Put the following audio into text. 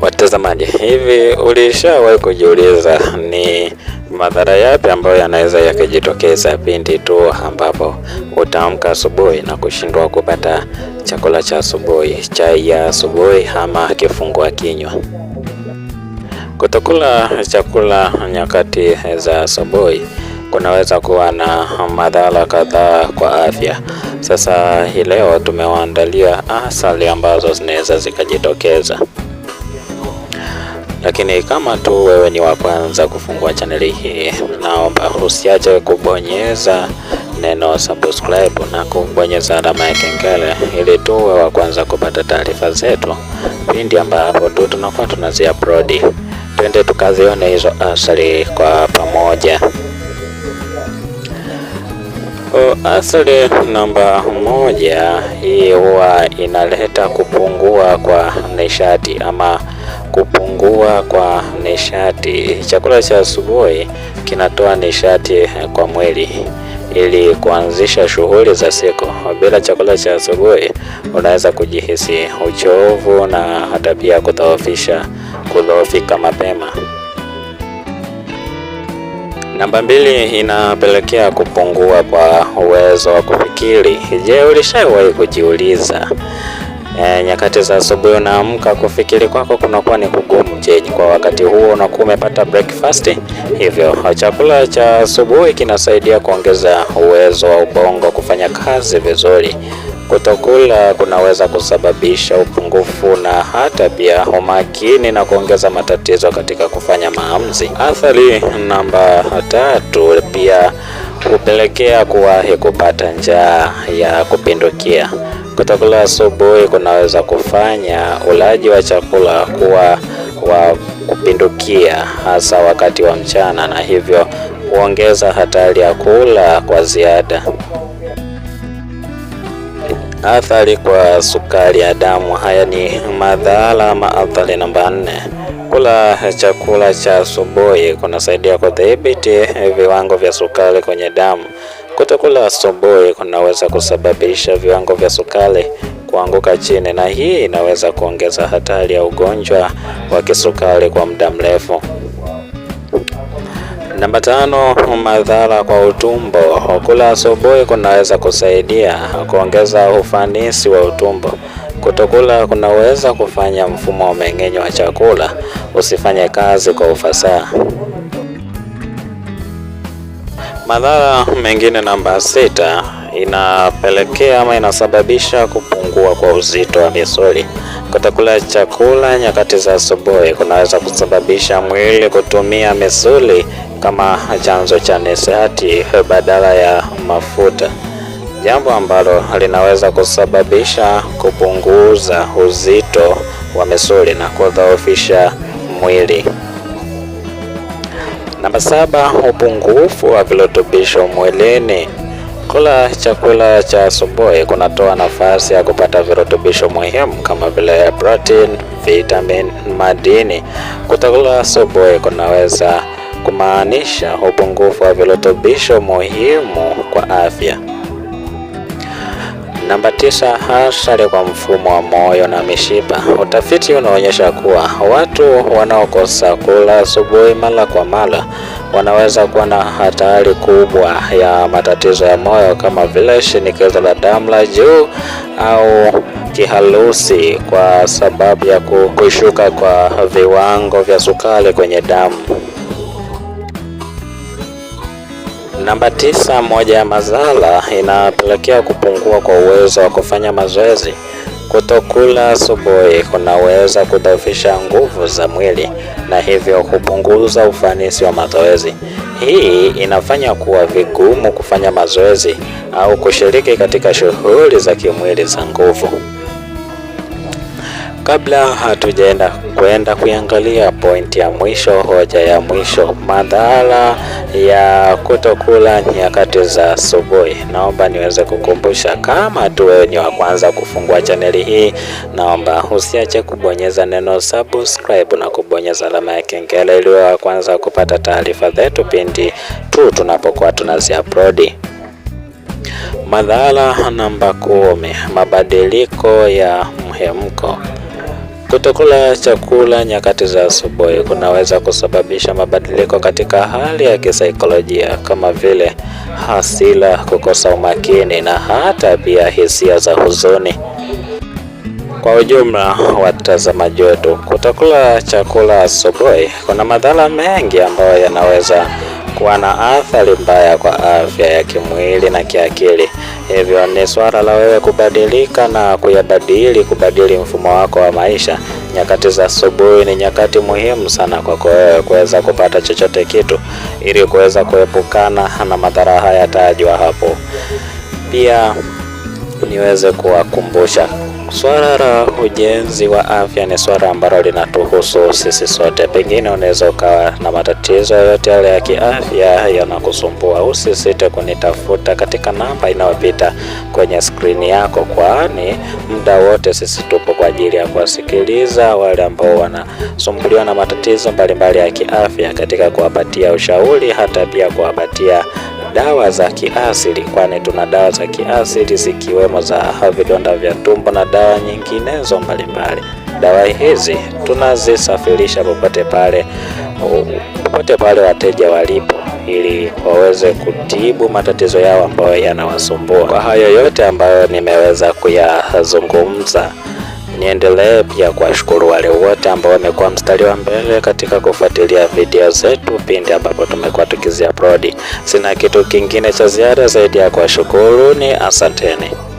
Watazamaji, hivi ulishawahi kujiuliza ni madhara yapi ambayo yanaweza yakajitokeza pindi tu ambapo utaamka asubuhi na kushindwa kupata chakula cha asubuhi, chai ya asubuhi ama kifungua kinywa? Kutokula chakula nyakati za asubuhi kunaweza kuwa na madhara kadhaa kwa afya. Sasa hii leo tumewaandalia athari ambazo zinaweza zikajitokeza lakini kama tu wewe ni wa kwanza kufungua chaneli hii, naomba usiache kubonyeza neno subscribe na kubonyeza alama ya kengele ili tuwe wa kwanza kupata taarifa zetu pindi ambapo tu tunakuwa tunazi upload. Twende tukazione hizo asali kwa pamoja. Asali namba moja, hii huwa inaleta kupungua kwa nishati ama kupungua kwa nishati. Chakula cha asubuhi kinatoa nishati kwa mwili ili kuanzisha shughuli za siku. Bila chakula cha asubuhi, unaweza kujihisi uchovu na hata pia kudhoofisha kudhoofika mapema. Namba mbili, inapelekea kupungua kwa uwezo wa kufikiri. Je, ulishawahi kujiuliza e, nyakati za asubuhi unaamka, kufikiri kwako kunakuwa ni kugumu. Je, kwa wakati huo unakuwa umepata breakfast? Hivyo chakula cha asubuhi kinasaidia kuongeza uwezo wa ubongo kufanya kazi vizuri. Kutokula kunaweza kusababisha upungufu na hata pia umakini na kuongeza matatizo katika kufanya maamuzi. Athari namba tatu pia hupelekea kuwahi kupata njaa ya kupindukia. Kutakula asubuhi kunaweza kufanya ulaji wa chakula kuwa wa kupindukia, hasa wakati wa mchana, na hivyo huongeza hatari ya kula kwa ziada. Athari kwa sukari ya damu. Haya ni madhara ama athari namba nne. Kula chakula cha asubuhi kunasaidia kudhibiti viwango vya sukari kwenye damu Kutokula asubuhi kunaweza kusababisha viwango vya sukari kuanguka chini na hii inaweza kuongeza hatari ya ugonjwa wa kisukari kwa muda mrefu. Namba tano, madhara kwa utumbo. Kula asubuhi kunaweza kusaidia kuongeza ufanisi wa utumbo. Kutokula kunaweza kufanya mfumo wa mmeng'enyo wa chakula usifanye kazi kwa ufasaha. Madhara mengine namba sita inapelekea ama inasababisha kupungua kwa uzito wa misuli. Kutokula chakula nyakati za asubuhi kunaweza kusababisha mwili kutumia misuli kama chanzo cha nishati badala ya mafuta, jambo ambalo linaweza kusababisha kupunguza uzito wa misuli na kudhoofisha mwili. Namba saba, upungufu wa virutubisho mwilini. Kula chakula cha asubuhi kunatoa nafasi ya kupata virutubisho muhimu kama vile protein, vitamin, madini. Kutokula asubuhi kunaweza kumaanisha upungufu wa virutubisho muhimu kwa afya. Namba tisa, hatari kwa mfumo wa moyo na mishipa. Utafiti unaonyesha kuwa watu wanaokosa kula asubuhi mara kwa mara wanaweza kuwa na hatari kubwa ya matatizo ya moyo kama vile shinikizo la damu la juu au kiharusi, kwa sababu ya kushuka kwa viwango vya sukari kwenye damu. Namba tisa, moja ya madhara inapelekea kupungua kwa uwezo wa kufanya mazoezi. Kutokula asubuhi kunaweza kudhoofisha nguvu za mwili na hivyo kupunguza ufanisi wa mazoezi. Hii inafanya kuwa vigumu kufanya mazoezi au kushiriki katika shughuli za kimwili za nguvu. Kabla hatujaenda kwenda kuiangalia pointi ya mwisho, hoja ya mwisho, madhara ya kutokula nyakati za asubuhi, naomba niweze kukumbusha, kama tu wewe ni wa kwanza kufungua chaneli hii, naomba usiache kubonyeza neno subscribe na kubonyeza alama ya kengele ili wa kwanza kupata taarifa zetu pindi tu tunapokuwa upload. Madhara namba kumi, mabadiliko ya mhemko. Kutokula chakula nyakati za asubuhi kunaweza kusababisha mabadiliko katika hali ya kisaikolojia kama vile hasira, kukosa umakini na hata pia hisia za huzuni. Kwa ujumla, watazamaji wetu, kutokula chakula asubuhi kuna madhara mengi ambayo yanaweza kuwa na athari mbaya kwa afya ya kimwili na kiakili. Hivyo ni swala la wewe kubadilika na kuyabadili, kubadili mfumo wako wa maisha. Nyakati za asubuhi ni nyakati muhimu sana kwako wewe kuweza kupata chochote kitu ili kuweza kuepukana na madhara haya tajwa hapo pia niweze kuwakumbusha Swala la ujenzi wa afya ni swala ambalo linatuhusu sisi sote. Pengine unaweza ukawa na matatizo yoyote yale ya kiafya yanakusumbua, usisite kunitafuta katika namba inayopita kwenye skrini yako, kwani muda wote sisi tupo kwa ajili ya kuwasikiliza wale ambao wanasumbuliwa na matatizo mbalimbali ya kiafya, katika kuwapatia ushauri, hata pia kuwapatia dawa za kiasili, kwani tuna dawa za kiasili zikiwemo za vidonda vya tumbo na dawa nyinginezo mbalimbali. Dawa hizi tunazisafirisha popote pale, popote pale wateja walipo ili waweze kutibu matatizo yao ambayo yanawasumbua. Kwa hayo yote ambayo nimeweza kuyazungumza niendelee pia kuwashukuru wale wote ambao wamekuwa mstari wa mbele katika kufuatilia video zetu pindi ambapo tumekuwa prodi. Sina kitu kingine cha ziada zaidi ya kuwashukuru, ni asanteni.